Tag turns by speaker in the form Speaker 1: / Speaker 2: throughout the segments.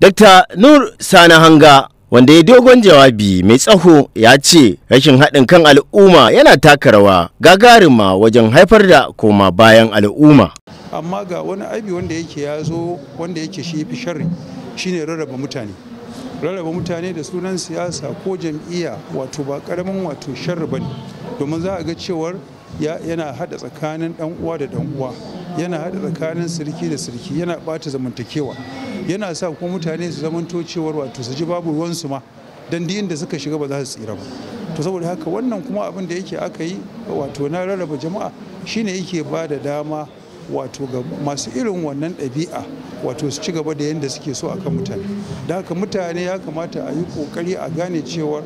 Speaker 1: Dr. Nur Sani Hanga wanda ya dogon jawabi mai tsaho ya ce rashin haɗin kan al'umma yana taka rawa gagarima wajen haifar da koma bayan al'umma.
Speaker 2: Amma ga wani aibi wanda yake ya zo wanda yake shi fi sharri shine rarraba mutane. Rarraba mutane da sunan siyasa ko jam'iyya wato ba karamin wato sharri ba ne domin za a ga cewar yana haɗa tsakanin ɗan uwa da dan uwa yana haɗa tsakanin sirki da sirki yana bata zamantakewa. yana sa kuma mutane su zamanto cewar wato su ji babu ruwansu ma don duk da suka shiga ba za su tsira ba to saboda haka wannan kuma abin da yake aka yi wato na rarraba jama'a shine yake ba da dama wato ga masu irin wannan ɗabi'a wato su ci gaba da yadda suke so akan mutane da haka mutane ya kamata a yi ƙoƙari a gane cewar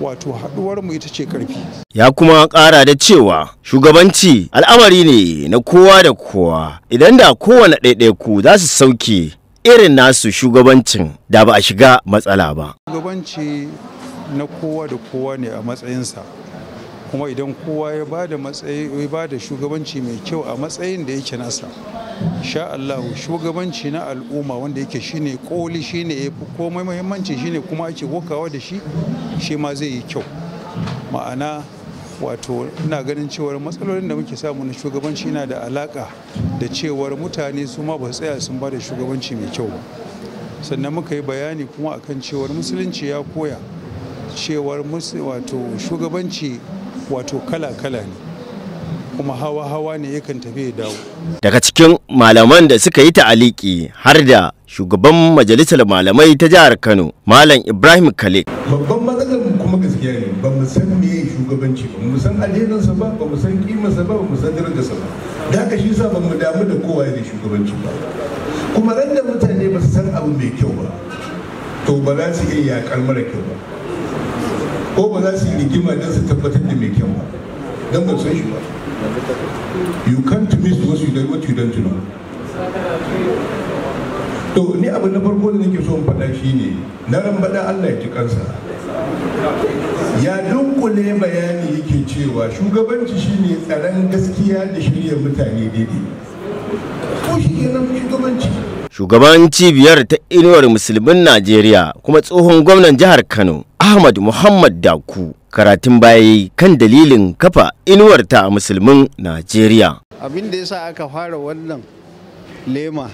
Speaker 2: wato haɗuwar mu ita ce ƙarfi.
Speaker 1: Ya kuma ƙara da cewa shugabanci al'amari ne na kowa da kowa idan da kowane ɗaiɗaiku za su sauke irin nasu shugabancin da ba a shiga matsala ba.
Speaker 2: Shugabanci na kowa da kowa ne a matsayinsa. kuma idan kowa ya ba da matsayi shugabanci mai kyau a matsayin da yake nasa sha Allah shugabanci na al'umma wanda yake shine koli shine ya fi komai muhimmanci shine kuma ake kokawa da shi shi ma zai yi kyau ma'ana wato ina ganin cewar matsalolin da muke samu na shugabanci yana da alaka da cewar mutane su ma ba tsaya sun ba da shugabanci mai kyau ba sannan muka yi bayani kuma akan cewar musulunci ya koya cewar wato shugabanci wato kala-kala ne kuma hawa-hawa ne yakan tafi ya dawo
Speaker 1: daga cikin malaman da suka yi ta'aliki har da shugaban majalisar malamai ta jihar kano malam ibrahim khalid
Speaker 3: babban matsalar kuma gaskiya ne ba mu san meye shugabanci ba mu san alherinsa ba ba mu san kimarsa ba ba mu san darajarsa ba da haka shi sa ba mu damu da kowa ne shugabanci ba kuma ran da mutane ba su san abu mai kyau ba to ba za su iya yakar mara kyau ba ko ba za su yi rigima don su tabbatar da mai kyau ba don ba san shi ba you can't miss what you don't, what you don't know to ni abu na farko da nake so in faɗa ne na ran baɗa Allah ya ji kansa ya dunkule bayani yake cewa shugabanci shine tsaron gaskiya da shirya mutane daidai ko
Speaker 1: shi kenan shugabanci shugaban cibiyar ta inuwar musulmin najeriya kuma tsohon gwamnan jihar kano ahmad muhammad daku karatun baya kan dalilin kafa inuwar ta musulmin najeriya
Speaker 4: abin da ya sa aka fara wannan lema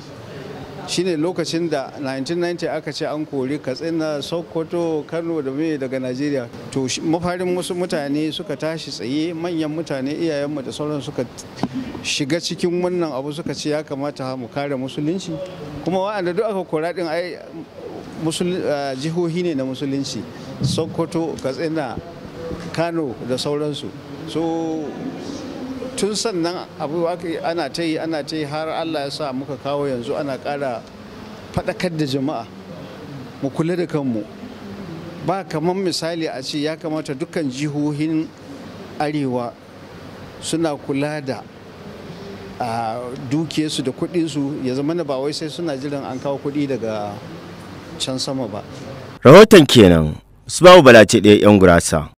Speaker 4: shine lokacin da 1990 aka ce an kori katsina sokoto kano da mai daga najeriya to mafarin wasu mutane suka tashi tsaye manyan mutane iyayenmu da sauran suka shiga cikin wannan abu suka ce ya kamata mu kare musulunci kuma wa'anda duk aka kora din ai eh, jihohi ne na musulunci sokoto katsina kano da sauransu so tun sannan abu ana ta yi ana ta yi har allah ya sa muka kawo yanzu ana kara faɗakar da jama'a mu kula da kanmu ba kamar misali a ce ya kamata dukkan jihohin arewa suna kula da dukiyarsu da kuɗinsu ya zama ba wai sai suna jiran an kawo kuɗi daga can sama ba
Speaker 1: rahoton kenan su babu balace ɗaya 'yan gurasa